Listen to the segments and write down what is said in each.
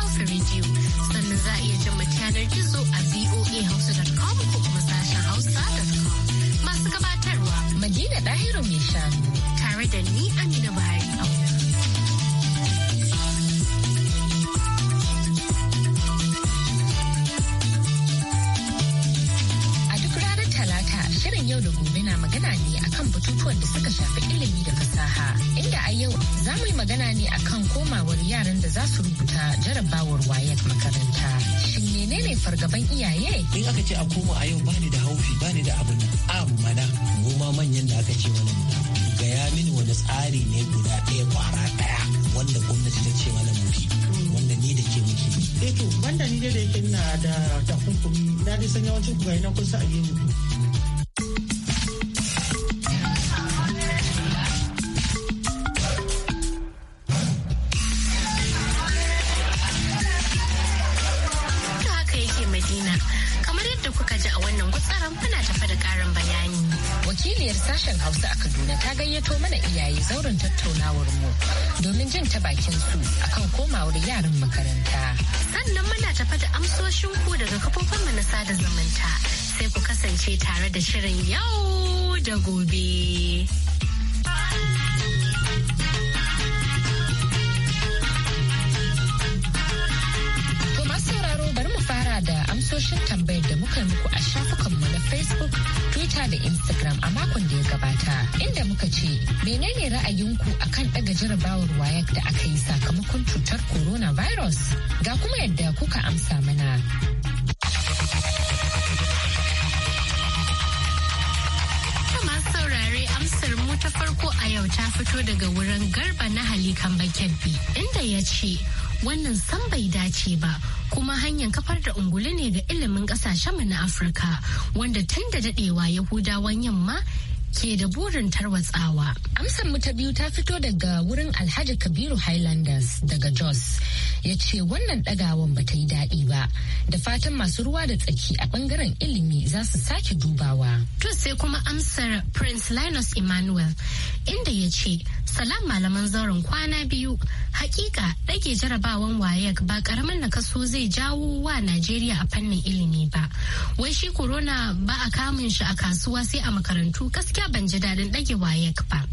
Alpha Radio sannan za a iya jin yanar gizo a voahausa.com ko kuma sashen hausa.com. Masu gabatarwa Madina Dahiru mai shanu tare da ni Amina Buhari shirin yau da gobe na magana ne batutuwan da suka shafi ilimi da fasaha inda a yau za mu yi magana ne akan komawar yaran da za su rubuta jarabawar wayar makaranta shin menene fargaban iyaye in aka ce a koma a yau bani da haufi bani da abin amana mu ma manyan da aka ce mana gaya mini wani tsari ne guda ɗaya kwara ɗaya wanda gwamnati ta ce mana muki wanda ni da ke muki eh to banda ni da yake ina da takunkumi na dai san yawancin ku ga kusa kun sa a gemu shirin kuna tafa da karin bayani. Wakiliyar sashen Hausa a Kaduna ta gayyato mana iyaye zauren tattaunawar mu domin jin ta bakin su akan komawar yaran makaranta. Sannan muna tafa da amsoshin ku daga kafofin mu na sada zumunta sai ku kasance tare da shirin yau da gobe. sauraro bari mu fara da amsoshin tambayar da muka muku Twitter da Instagram a makon da ya gabata inda muka ce menene ra'ayinku akan ɗaga jarabawar wayar da aka yi sakamakon cutar coronavirus ga kuma yadda kuka amsa mana. amsar mu ta farko a yau ta fito daga wurin garba na halikan bakebbi inda ya ce wannan san bai dace ba kuma hanyar kafar da ungulu ne ga ilimin mu na afirka wanda tun da dadewa yahudawan yamma ke da burin tarwatsawa. Amsar mu ta biyu ta fito daga wurin Alhaji Kabiru Highlanders daga Jos. Ya ce wannan dagawan ba ta yi daɗi ba. Da fatan masu ruwa da tsaki a ɓangaren ilimi za su sake dubawa. To sai kuma amsar Prince Linus Emmanuel inda ya ce salam malaman zauren kwana biyu hakika rage jarabawan wayek ba karamin nakaso zai jawo wa najeriya a fannin ilimi ba wai shi corona ba a kamun shi a kasuwa sai a makarantu gaskiya ban ji daɗin ɗage wayek ba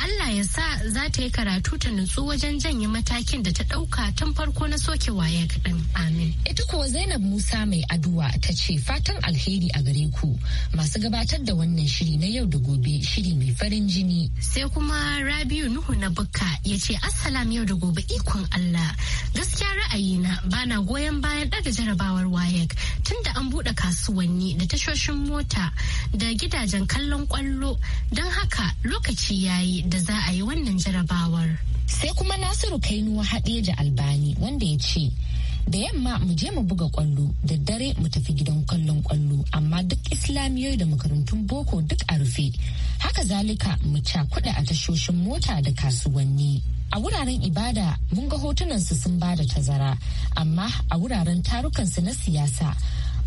allah ya sa za ta yi karatu ta nutsu wajen janye matakin da ta ɗauka tun farko na soke wayek ɗin amin ita kuwa zainab musa mai aduwa ta ce fatan alheri a gare ku masu gabatar da wannan shiri na yau da gobe shiri mai farin jini sai kuma rabi Aliyu Nuhu na Bukka ya ce Assalam yau da gobe ikon Allah. Gaskiya ra'ayina ba na goyon bayan ɗaga jarabawar WAEC da an buɗe kasuwanni da tashoshin mota da gidajen kallon kwallo don haka lokaci yayi da za a yi wannan jarabawar. Sai kuma Nasiru Kainuwa da Albani wanda ya ce da yamma mu je mu buga kwallo da dare mu tafi gidan kallon kwallo amma duk islamiyoyi da makarantun boko duk a rufe haka zalika mu ca kuɗi a tashoshin mota da kasuwanni a wuraren ibada mun ga hotunan su sun ba da tazara amma a wuraren tarukansu na siyasa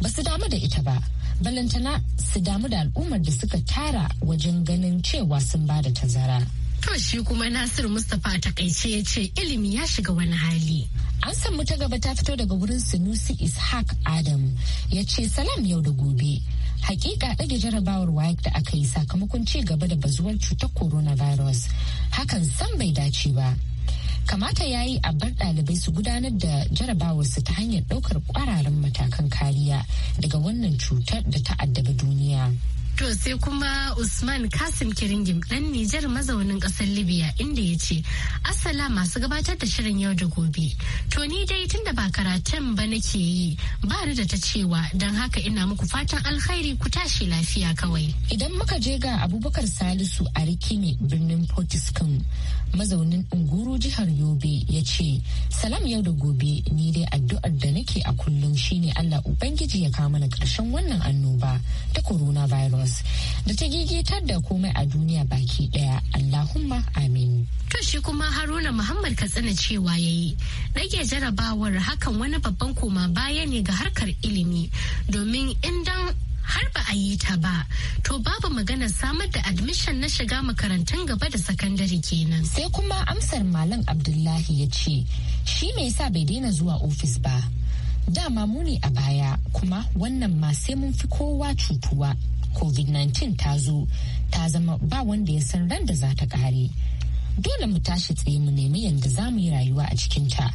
ba su damu da ita ba balantana su damu da al'ummar da suka tara wajen ganin cewa sun bada tazara To shi kuma Nasir Mustapha takaice ya ce ilimi ya shiga wani hali. An samu ta gaba ta fito daga wurin Sunusi Ishaq Adam ya ce salam yau da gobe. Hakika ɗage jarabawar WAEC da aka yi sakamakon ci gaba da bazuwar cutar coronavirus. Hakan san bai dace ba. Kamata ya yi a bar ɗalibai su gudanar da jarabawarsu ta hanyar ɗaukar ƙwararren matakan kariya daga wannan cutar da ta addaba duniya. To sai kuma Usman Kasim Kiringim ɗan Nijar mazaunin ƙasar Libya inda ya ce, asala masu gabatar da shirin yau da gobe. To ni dai tun da ba karatun ba nake yi ba ni da ta cewa don haka ina muku fatan alkhairi ku tashi lafiya kawai. Idan muka je ga Abubakar Salisu a Rikini birnin Portiskan mazaunin Unguru jihar Yobe ya ce, Salam yau da gobe ni dai addu'ar da nake a kullum shine Allah Ubangiji ya kawo mana ƙarshen wannan annoba ta coronavirus. da ta gigitar da komai a duniya baki daya Allahumma amin. To shi kuma Haruna Muhammad Katsina cewa yayi rage jarabawar hakan wani babban koma baya ne ga harkar ilimi domin indan har ba a yi ta ba to babu magana samar da admission na shiga makarantun gaba da sakandare kenan sai kuma amsar malam abdullahi ya ce shi me sa bai daina zuwa ofis ba dama muni a baya kuma wannan ma sai mun fi kowa cutuwa covid-19 ta zo ta zama ba wanda ya san ran da za ta kare dole mu tashi tsaye mu nemi yadda za mu yi rayuwa a cikinta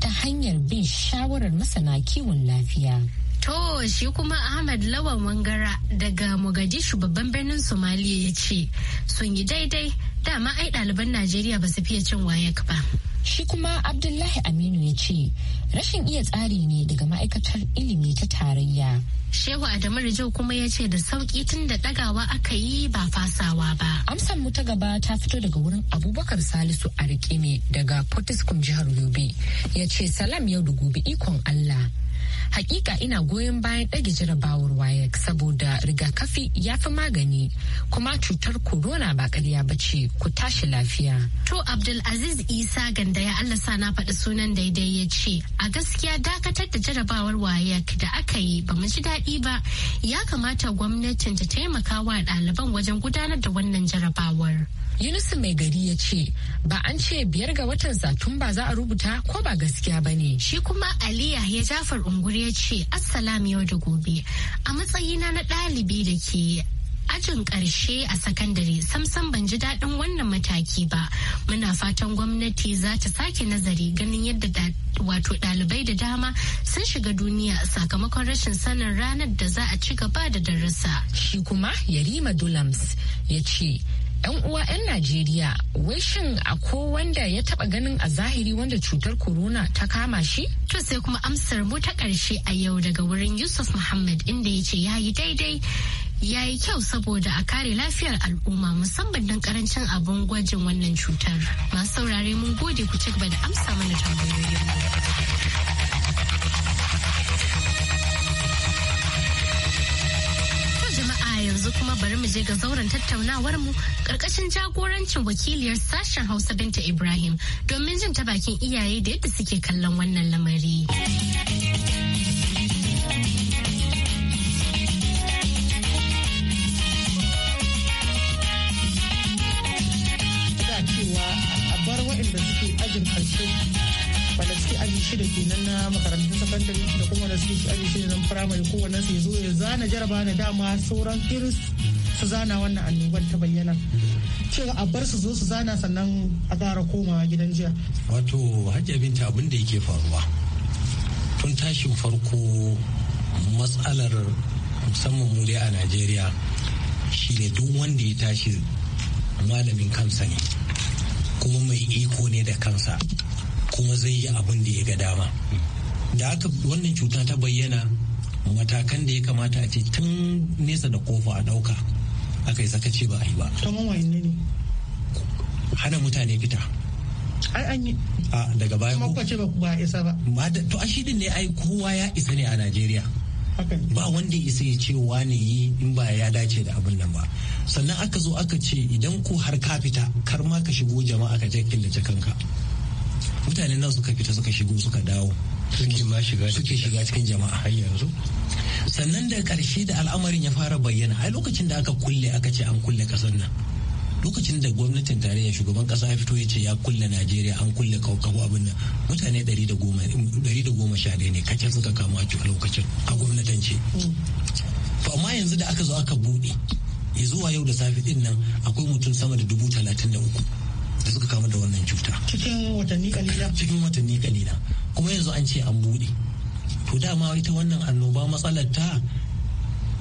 ta hanyar bin shawarar masana kiwon lafiya. To shi kuma Ahmad Lawan Wangara daga Mogadishu babban birnin Somaliya ya ce sun yi daidai dama ai ɗaliban Najeriya ba su fiye cin wayek ba. Shi kuma Abdullahi Aminu ya ce rashin iya tsari ne daga ma'aikatar ilimi ta tarayya. Shehu Adamu Rijau kuma ya ce da sauƙi tun da ɗagawa aka yi ba fasawa ba. Amsan mu ta gaba ta fito daga wurin Abubakar Salisu rikime daga Potiskum jihar Yobe ya ce salam yau da gobe ikon Allah. hakika ina goyon bayan ɗage jarabawar wayek saboda rigakafi ya fi magani kuma cutar corona ba ƙarya ba ce ku tashi lafiya. To Abdulaziz Isa ganda ya Allah sa na faɗi sunan daidai ya ce a gaskiya dakatar da jarabawar wayek da aka yi ba mu ji daɗi ba ya kamata gwamnatin ta taimaka wa ɗaliban wajen gudanar da wannan jarabawar. Yunusu mai gari ya ce ba an ce biyar ga watan Satumba za a rubuta ko ba gaskiya ba ne. Shi kuma Aliya ya Jafar Unguri ya ce Assalam yau da gobe a matsayina na ɗalibi da ke ajin ƙarshe a sakandare samsam ban ji daɗin wannan mataki ba muna fatan gwamnati za ta sake nazari ganin yadda wato ɗalibai da dama sun shiga duniya sakamakon rashin sanin ranar da za a ci gaba da darasa shi kuma yarima dulams ya ce 'yan uwa 'yan Najeriya, wai shin ko wanda ya taba ganin a zahiri wanda cutar corona ta kama shi? To sai kuma amsar mu ta ƙarshe a yau daga wurin Yusuf Muhammad inda ya ce ya yi daidai ya yi kyau saboda a kare lafiyar al'umma musamman don karancin abin gwajin wannan cutar. Masu saurare mun gode ku ci gaba da amsa mana tambayoyin. mu. yanzu kuma bari mu je ga zauren tattaunawar mu karkashin jagorancin wakiliyar sashen Hausa Binta Ibrahim domin jin ta bakin iyaye da yadda suke kallon wannan lamari. da kenan na makarantun sakandare da kuma da suke shi shida na firamare kowane su zo ya zana jaraba da dama sauran iris su zana wannan annobar ta bayyana cewa a bar su zo su zana sannan a ƙara komawa gidan jiya. wato hajji binta abin da yake faruwa tun tashin farko matsalar musamman mu a najeriya shine duk wanda ya tashi malamin kansa ne kuma mai iko ne da kansa kuma zai yi abin da ya ga dama da aka wannan cuta ta bayyana matakan da ya kamata a ce tun nesa da kofa a ɗauka aka yi sakaci ba a yi ba hana mutane fita ai an yi a daga baya kuma kwace ba ba isa ba to a shidin ne ai kowa ya isa ne a Najeriya ba wanda isa ya ce wane yi in ba ya dace da abin nan ba sannan aka zo aka ce idan ko har ka fita kar ma ka shigo jama'a ka je killace kanka mutane nawa suka fita suka shigo suka dawo suke shiga cikin jama'a har yanzu sannan da karshe da al'amarin ya fara bayyana A lokacin da aka kulle aka ce an kulle kasar nan lokacin da gwamnatin tarayya shugaban kasa ya fito ya ce ya kulle najeriya an kulle kawo abin nan mutane 111 ne kacin suka kama a lokacin a gwamnatance to amma yanzu da aka zo aka buɗe zuwa yau da safe din nan akwai mutum sama da dubu talatin da uku da suka kama da wannan cuta cikin watanni kalila cikin watanni kalila kuma yanzu an ce an buɗe to dama ita wannan annoba matsalar ta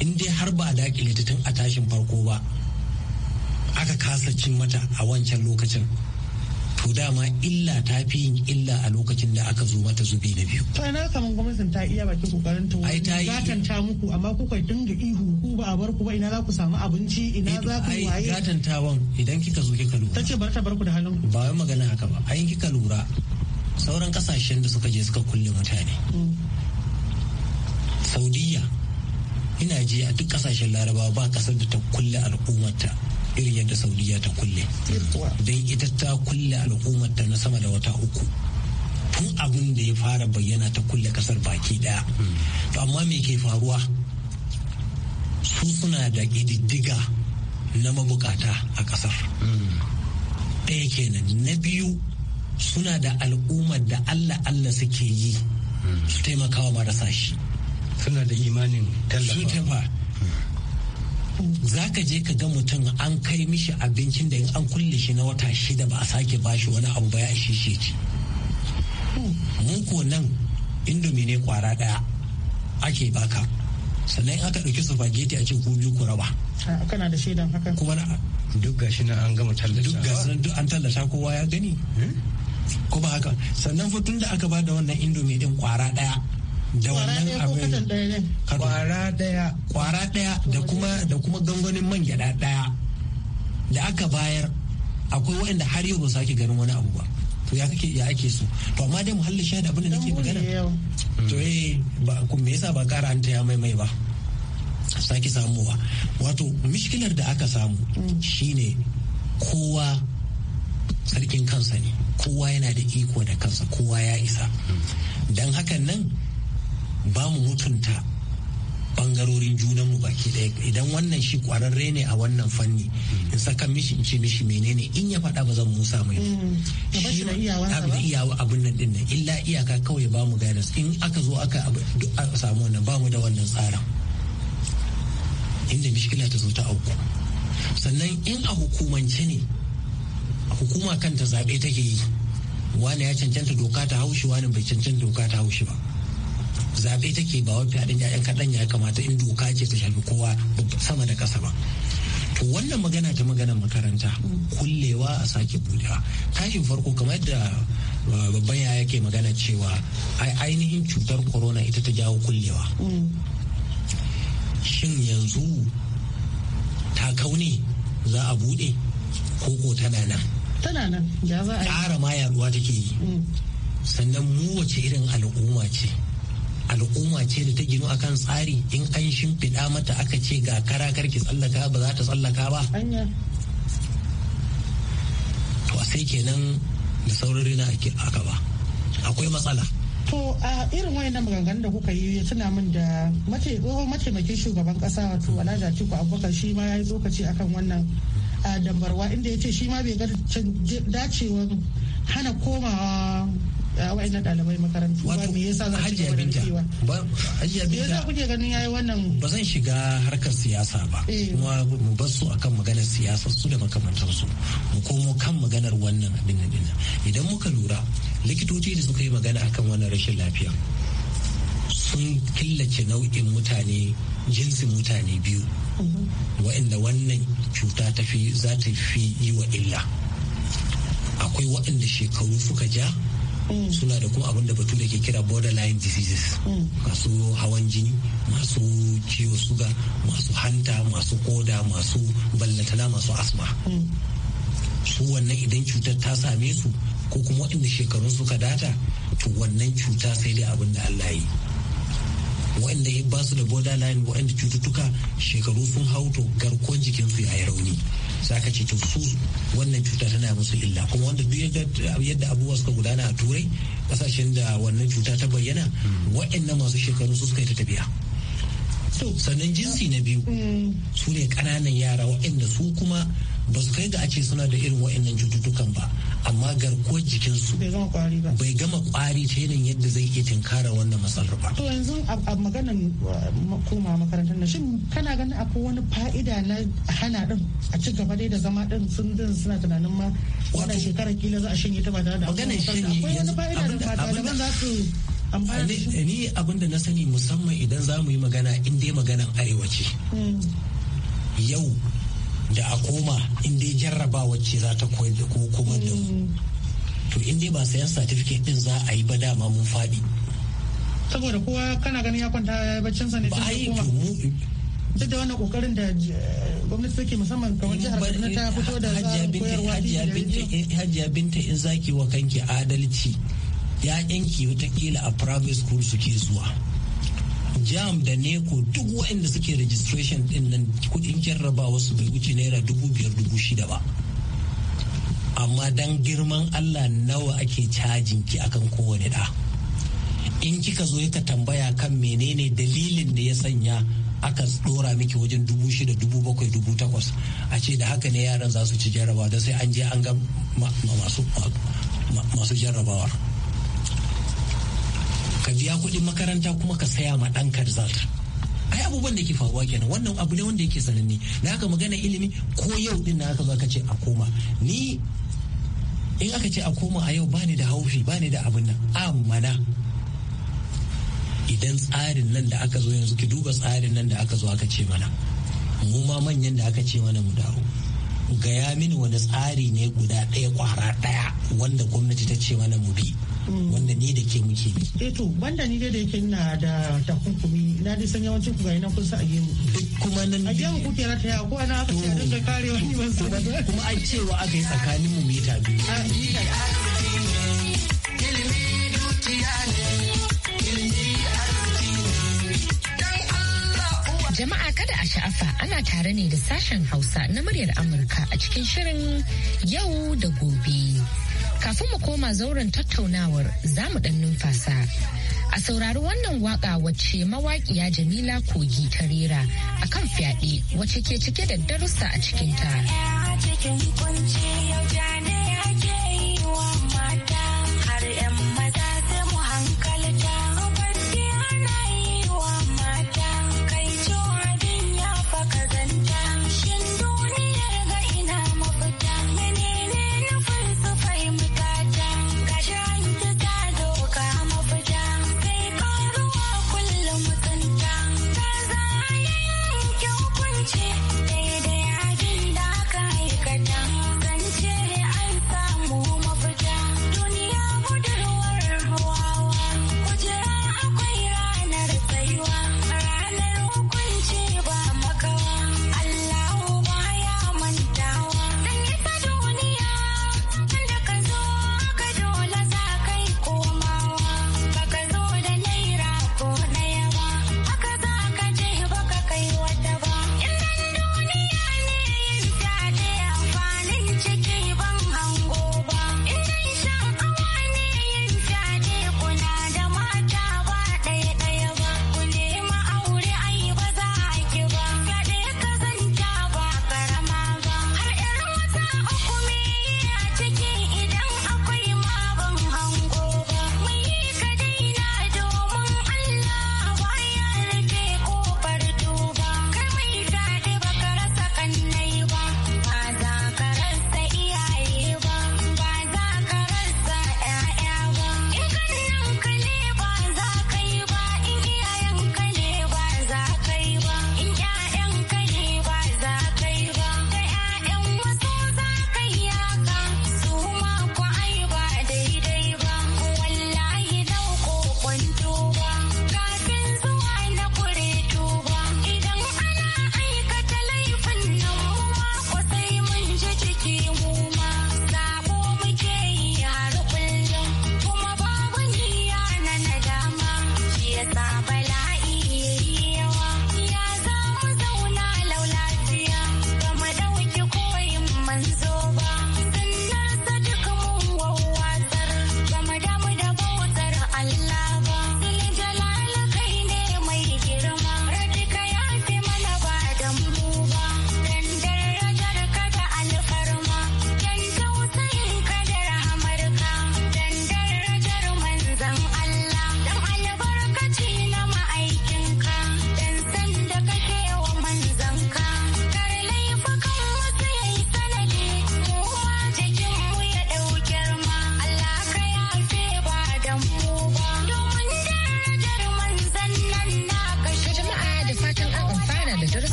in dai har ba a dakile ta tun a tashin farko ba aka kasa cin mata a wancan lokacin to dama illa ta fi yin illa a lokacin da aka zo mata zubi na biyu. To ina kaman gwamnatin ta iya baki kokarin ta wani gatanta muku amma kuka dinga ihu ku ba a bar ku ba ina za ku samu abinci ina eh, za ku waye. ta wan idan kika zo kika lura. Tace bar ta bar ku da halin ku. Ba wai magana haka ba ai kika lura sauran kasashen da suka je suka kulle mutane. Mm. Saudiya ina je a duk kasashen larabawa ba kasar da ta kulle al'ummarta irin yadda saudiya ta kulle don ita ta kulle al'ummar ta na sama da wata uku tun abin da ya fara bayyana ta kulle kasar baki daya to amma me ke faruwa su suna da ƙididdiga na mabukata a kasar ɗaya kenan na biyu suna da al'ummar da allah allah suke yi su taimakawa marasa shi suna da imanin tallafa za ka je ka ga mutum an kai mishi abincin da an kulle shi na wata shida ba a sake bashi wani abu ba ya ishe shi ci mun ko nan indomi ne kwara daya ake baka sannan aka ɗauki spaghetti a ce ku biyu ku raba kana da shaidan haka kuma na duk gashi nan an gama tallata duk gashi nan duk an tallata kowa ya gani eh? ko ba haka sannan fa tun da aka ba da wannan indomi din kwara daya da wannan abin kwara daya kwara daya da kuma da kuma gangonin man gyada daya da aka bayar akwai waɗanda har yau ba su ganin wani abu ba to ya kake ya ake so to amma dai muhalli shahid abin da nake magana to eh ba ku me yasa ba kara an ya mai mai ba sake samuwa wato mishkilar da aka samu mm. shine kowa sarkin kansa ne kowa yana da iko da kansa kowa ya isa mm. don hakan nan ba mu mutunta bangarorin junanmu baki ɗaya idan wannan shi kwararre ne a wannan fanni in saka mishi in ce mishi menene in ya faɗa ba zan musa mai mm. shi da iyawa abin nan din nan illa iyaka kawai ba mu guidance in aka zo aka samu wannan ba mu da wannan tsarin inda mishkila ta zo ta auku sannan in a hukumance ne hukuma kanta zaɓe take yi wani ya cancanta doka ta haushi wani bai cancanta doka ta haushi ba zaɓe take ba wai fyaɗin ƴaƴan kaɗan ya kamata in doka ce ta shafi kowa sama da ƙasa ba to wannan magana ta magana makaranta kullewa a sake budewa tashin farko kamar yadda babban ya yake magana cewa ainihin cutar corona ita ta jawo kullewa shin yanzu ta kauni za a bude koko tana nan tana nan ƙara ma yaduwa take yi mm. sannan mu wace irin al'umma ce al'umma ce da ta ginu akan tsari in an shimfiɗa mata aka ce ga kara karki tsallaka ba za ta tsallaka ba to sai kenan da saurin rina aka ba akwai matsala to a irin wani na maganganu da kuka yi ya tuna min da mataimakin shugaban kasa wato alhaji atiku abubakar shi ma ya yi akan wannan dambarwa inda ya ce shi ma bai ga dacewar hana komawa Ah, wa'annan dalibai makarantu ba me yasa za ku gaba da hajiya binta yasa kuke ganin yayi wannan ba zan shiga harkar siyasa ba eh. kuma mu bar su akan maganar siyasa su da makamantar mu komo kan maganar wannan abin nan idan muka lura likitoci da suka yi magana akan wannan rashin lafiya sun killace nau'in mutane jinsin mutane biyu mm-hmm. wa'inda wannan cuta ta fi za ta fi yi wa illa akwai waɗanda shekaru suka ja suna da kuma abin da bature ke kira borderline diseases masu hawan jini masu ciwo suga masu hanta masu koda masu ballatana masu asma su wannan idan cutar ta same su ko kuma waɗanda shekarun suka data to wannan cuta sai dai abin da Allah yi waɗanda ba su da borderline waɗanda cututtuka shekaru sun hau to garkuwar jikinsu ya yi rauni za ka ce su wannan cuta tana musu illa kuma wanda duk yadda abubuwa suka gudana a turai kasashen da wannan cuta ta bayyana waɗannan masu shekaru su suka yi ta tafiya sannan jinsi na biyu mm. su ne ƙananan yara waɗanda su kuma ba su kai ga a ce suna da irin wa'annan cututtukan ba amma garkuwar jikin su bai gama kwari ta yanayin yadda zai iya tinkara wannan matsalar ba. to yanzu a maganar koma makarantar na shin kana ganin akwai wani fa'ida na hana din a ci gaba dai da zama din sun din suna tunanin ma wannan shekarar kila za a shanye ta ba tare da maganar shanye akwai wani za su ni abin da na sani musamman idan za mu yi magana inda dai maganar arewa hmm. yau da a koma inda ya jarraba ce za ta koyar da kuma da mu mm. to inda ba sayan certificate din za a yi ba dama mun faɗi saboda kowa kana ganin ya kwanta ya baccin sa ne ba a yi to mu duk da wannan kokarin da eh, gwamnati take musamman kamar jihar Kaduna ta fito da koyarwa eh, hajiya binta in zaki wa kanki adalci ya yanki watakila a private school suke zuwa jam da neko duk waɗanda suke registration din nan kuɗin jarrabawa su bai wuce naira dubu biyar dubu shida ba amma dan girman allah nawa ake cajin ki akan kowane da in kika zo yaka tambaya kan menene dalilin da ya sanya aka dora miki wajen dubu shida dubu bakwai dubu takwas a ce da haka ne yaran za su ci jarrabawa da sai an je an ga masu jarrabawar ka biya kuɗin makaranta kuma ka saya ma ɗan result ai abubuwan da ke faruwa kenan wannan abu ne wanda yake sananne na haka magana ilimi ko yau din na haka zaka ce a koma ni in aka ce a koma a yau bani da haufi bani da abin nan amma na idan tsarin nan da aka zo yanzu ki duba tsarin nan da aka zo aka ce mana mu ma manyan da aka ce mana mu dawo gaya mini wani tsari ne guda ɗaya kwara ɗaya wanda gwamnati ta ce mana mu bi wanda ni da ke muke eh to banda ni da yake na da takunkumi na dai san yawancin ku ga kusa kun sa a gemu duk kuma nan a gemu kuke na taya ko ana aka ce da kare wani ni ban so kuma ai cewa aka yi tsakanin mu mita biyu a ah, Jama'a kada a sha'afa ana tare ne da sashen Hausa na muryar Amurka a cikin shirin yau da gobe. Kafin mu koma zauren tattaunawar za mu dan numfasa. A saurari wannan waka wacce mawaƙiya Jamila Kogi ta rera a kan fyaɗe wacce ke cike da darussa a cikinta. cikin kwanciyar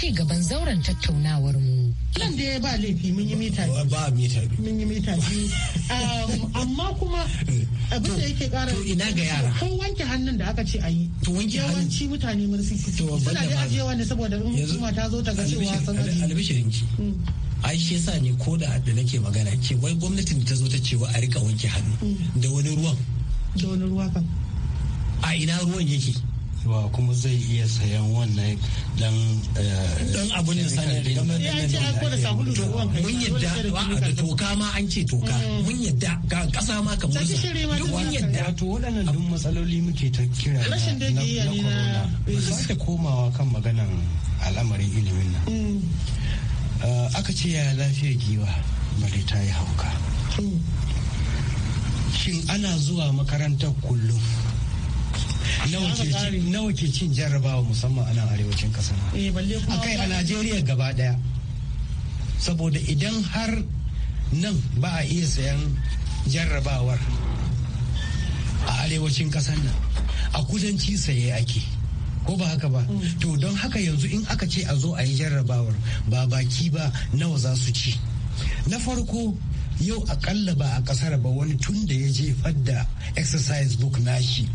ci gaban zauren tattaunawar mu. Nan da ba laifi mun yi mita biyu. Ba mita biyu. Mun yi mita biyu. Um, amma kuma eh. abin da yake kara. To ina ga yara. Ko wanke hannun da aka ce a yi. To wanke hannun. Yawanci mutane mun sisi. Suna da ajiyewa ne saboda in kuma ta zo ta ga cewa sun Albishirin ki. Mm. ai shi yasa ne ko da da nake magana ke wai gwamnatin ta zo ta cewa a rika wanke hannu mm. da wani ruwan da wani ruwa kan a ina ruwan yake ba kuma zai iya sayan wannan dan eh, dan abun da sanar da mun yadda da toka ma an ce toka mm. mun yadda ga kasa ma kamar duk mun yadda to waɗannan duk matsaloli muke ta kira rashin da ya ne na sake komawa kan maganan al'amarin ilimin nan mm. eh, aka ce ya lafiya giwa bare ta yi hauka mm. shin ana zuwa makarantar kullum nawa ke cin jarrabawa musamman a nan arewacin ƙasa eh, a kai a najeriya gaba ɗaya saboda idan har nan ba a iya sayan jarrabawar a arewacin ƙasar nan a kudanci saye ake ko ba haka ba mm. to don haka yanzu in aka ce a zo a yi jarrabawar ba baki ba nawa za su ci na farko yau akalla ba a kasar ba wani tun da ya jefar da exercise book shi.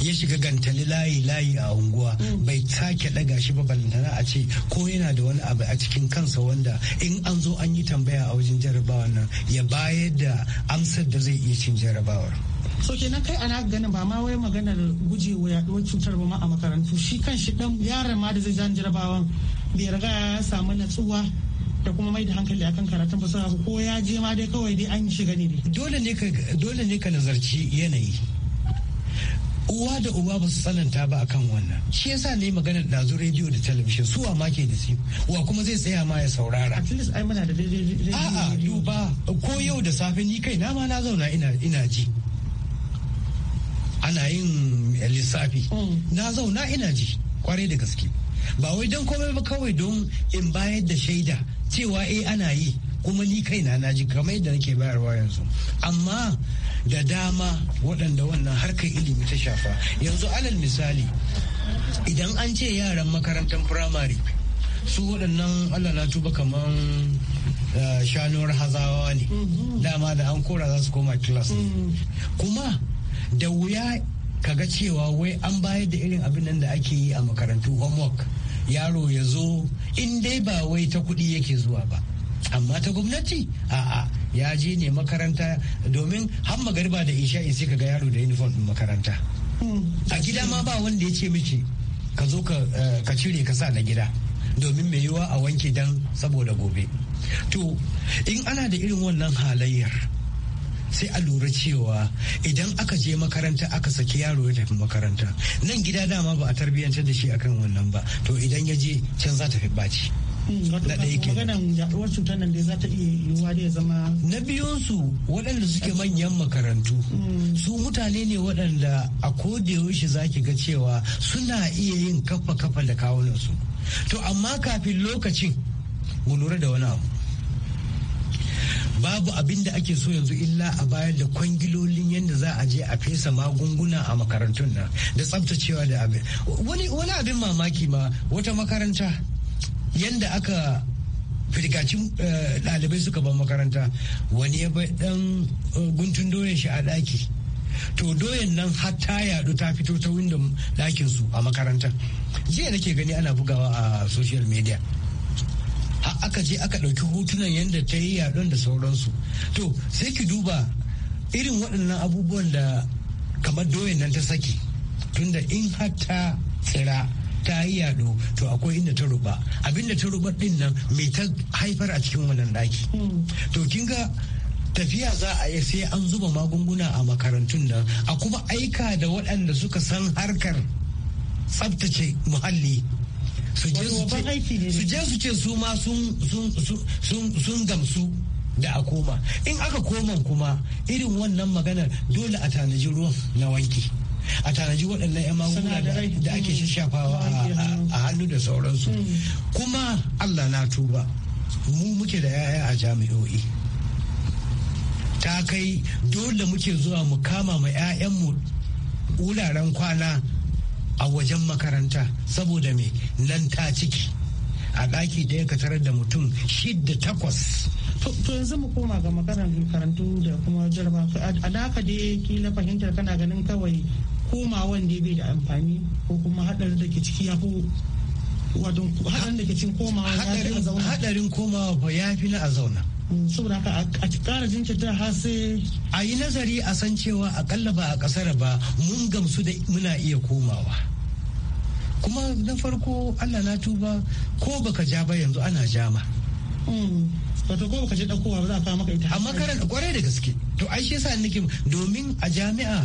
ya shiga gantali layi layi a unguwa bai sake daga shi ba balantana a ce ko yana da wani abu a cikin kansa wanda in an zo an yi tambaya a wajen jarabawar nan ya bayar da amsar da zai iya cin jarabawar. so kenan kai ana ganin ba ma wai maganar guje wa yaduwar cutar ba ma a makarantu shi kan shi dan yaron ma da zai jan jarabawan bai riga ya samu natsuwa da kuma mai da hankali akan karatun fasaha ko ya je ma dai kawai dai an shiga ne dole ne ka dole ne ka nazarci yanayi uwa da uba ba su tsananta ba akan wannan shi yasa ne magana dazu rediyo da talabishin suwa ma ke da su wa kuma zai tsaya ma ya saurara at least ai muna da rediyo a'a duba ko yau da safe ni kai na ma na zauna ina ji ana yin lissafi mm. na zauna ina ji kwarai da gaske ba wai don komai ba kawai don in bayar da shaida cewa eh ana yi kuma ni kaina na ji kamar yadda nake bayarwa yanzu amma da dama waɗanda wannan harkar ilimi ta shafa yanzu alal misali idan an ce yaran makarantar firamare su waɗannan allah na tuba kamar eh, shanuwar hazawa ne mm-hmm. dama da an kora za su koma kilas mm-hmm. kuma da wuya ka ga cewa wai an bayar da irin abin nan da ake yi a makarantu homework yaro ya zo in dai ba wai ta kuɗi yake zuwa ba amma ta gwamnati a'a ya je ne makaranta domin har magariba da isha'i sai ka ga yaro da uniform din makaranta a gida ma ba wanda ya ce miki ka zo eh, ka cire ka sa na gida domin mai yiwa a wanke dan saboda gobe to in ana da irin wannan halayyar sai a lura cewa idan aka je makaranta aka saki yaro ya tafi makaranta nan gida dama ba a tarbiyyantar da shi akan wannan ba to idan ya je can za ta fi baci. na ɗaya ke na biyunsu waɗanda suke manyan makarantu mm. su mutane ne waɗanda a kodayaushe za ki ga cewa suna iya yin kafa kafa da kawunansu to amma kafin lokacin mu lura da wani abu babu abin da ake so yanzu illa a bayar da kwangilolin yadda za a je a fesa magunguna a makarantun nan da tsabtacewa da abin wani abin mamaki ma wata makaranta yadda aka firkacin eh, ɗalibai suka ban makaranta wani ya bai ɗan eh, guntun doyen shi a ɗaki to doyen nan har ta yadu ta fito ta windon ɗakin su a makaranta jiya nake gani ana bugawa a social media ha aka je aka ɗauki hotunan yadda ta yi yaɗon da sauransu to sai ki duba irin waɗannan abubuwan da kamar doyen nan ta saki tunda in har ta tsira ta yi yaɗo to akwai inda ta ruba abinda ta ruba din nan me ta haifar a cikin wannan ɗaki to kin ga tafiya za a yi sai an zuba magunguna a makarantun nan a kuma aika da waɗanda suka san harkar tsabtace muhalli su je su ce su ma sun gamsu da a koma in aka koma kuma irin wannan maganar dole a tanaji ruwan na wanki a tanaji waɗannan 'yan magunguna da ake mm. shashafawa a hannu da sauransu mm. kuma allah na tuba mu muke da 'ya'ya a jami'o'i ta kai dole muke zuwa mu kama ma 'ya'yanmu wuraren kwana a wajen makaranta saboda me nan ta ciki a ɗaki ɗaya ka tarar da mutum shidda takwas to yanzu mu koma ga makarantar makarantu da kuma jaraba a daka dai kila fahimtar kana ganin kawai koma wanda bai da amfani ko kuma hadarin da ke ciki ya fi wato hadarin da ke cin komawa ya fi a zauna hadarin komawa ba ya fi na a zauna mm, saboda haka a kara jinkirta har sai a yi nazari a san cewa akalla ba a kasar ba mun gamsu da muna iya komawa kuma na farko allah na tuba ko baka ja ba yanzu ana jama mm, wato ko baka je ɗaukowa ba za a kawo maka ita A makarar kwarai da gaske to ai shi yasa nake domin a jami'a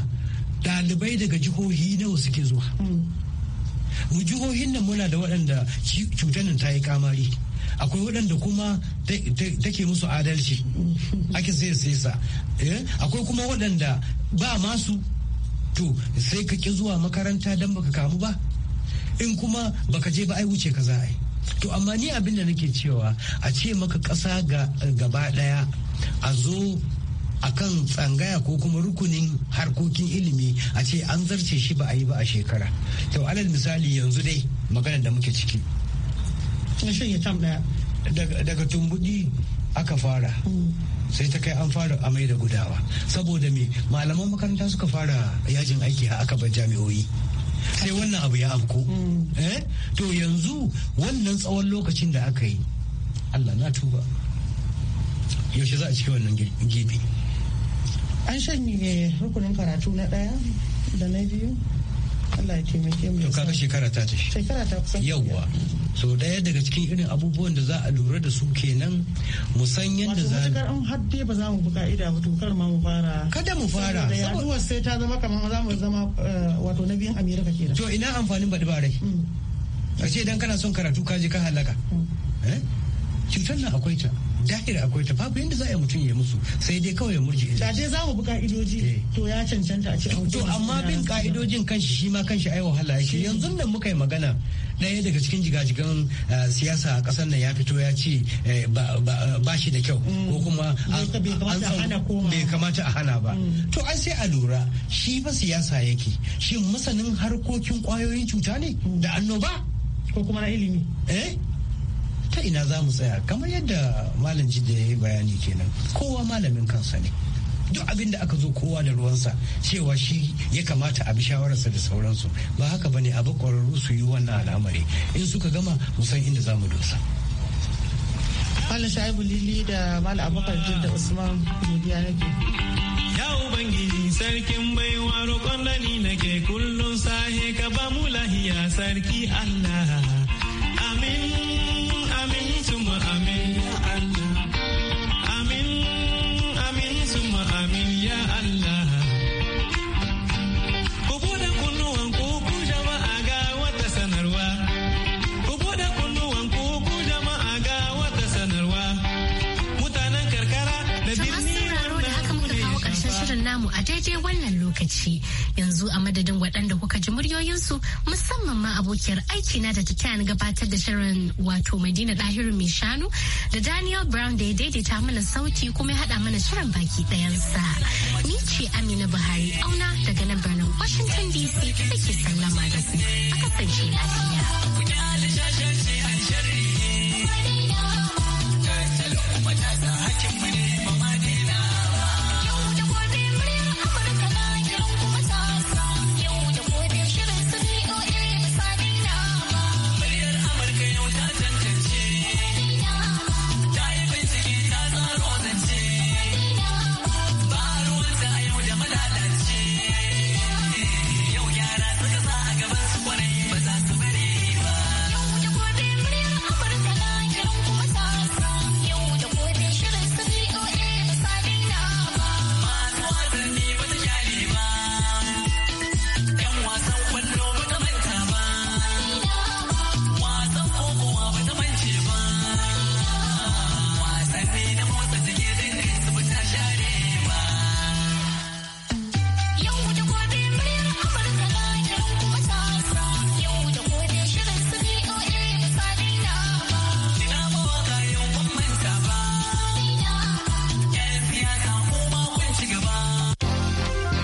Dalibai daga jihohi nawa suke zuwa mu jihohin nan muna da waɗanda cutar nan ta yi kamari akwai waɗanda kuma take musu adalci ake sai sa eh, akwai kuma waɗanda ba masu to sai ka ki zuwa makaranta don baka kamu ba in kuma baka je ba ai wuce ka za a yi to amma ni abin da nake cewa a ce maka ƙasa gaba ɗaya a zo akan tsangaya ko kuma rukunin harkokin ilimi a ce an zarce shi ba a yi ba a shekara to alal misali yanzu dai maganar da muke ciki na shanya tam daya daga tumbudi aka fara sai ta kai an fara amai da gudawa saboda me malaman makaranta suka fara yajin aiki a aka bar jami'o'i sai wannan abu ya afko mm. eh? to yanzu wannan tsawon lokacin da aka yi allah na tuba yaushe za a ciki wannan gibi an shanye rukunin karatu na ɗaya da na biyu Allah ya taimake mu. To kaga shekara ta ce. Shekara ta kusa Yawwa. So daya daga cikin irin abubuwan da za a lura da su kenan mu san yadda za. Wato matukar an hadde ba za mu buka ida ba to kar ma mu fara. Kada mu fara. Saboda yaduwar sai ta zama kamar za mu zama eh, wato na biyan Amerika kenan. To ina amfanin baɗi ba rai. Hmm. A ce idan kana son karatu ka je ka halaka. Hmm. Eh? Cutar nan akwai ta. Dahira akwai ta babu yadda za a yi musu sai dai kawai ya murje da dai za mu bi ka'idoji eh. to ya cancanta a ce to amma bin ka'idojin kanshi shi ma kanshi ai wahala yake yanzu nan muka yi magana ɗaya daga cikin jigajigan eh, siyasa a ƙasar nan ya fito ya ce eh, ba shi da kyau mm. ko kuma bai kamata a hana ba mm. to ai sai a lura shi fa siyasa yake shi masanin harkokin kwayoyin cuta ne mm. da annoba ko kuma na ilimi eh ta ina za mu tsaya kamar yadda malam da ya yi bayani kenan kowa malamin kansa ne duk abin da aka zo kowa da ruwansa cewa shi ya kamata a bi shawararsa da sauransu ba haka bane abu kwararru su yi wannan al'amari in suka gama musan inda za mu dosa Malam Sha'ibu Lili da Malam Abubakar da Usman Godiya nake. Ya sarkin baiwa roƙon da ni nake kullum sahe ka ba mu lahiya sarki Allah. yanzu a madadin waɗanda kuka ji muryoyinsu musamman ma abokiyar aikina da ta ni gabatar da shirin wato Madina Dahiru mai shanu da Daniel Brown da ya daidaita mana sauti kuma ya haɗa mana shirin baki ɗayansa. Ni ce Amina Buhari auna daga nan birnin Washington DC da ke sallama da su. A kasance lafiya.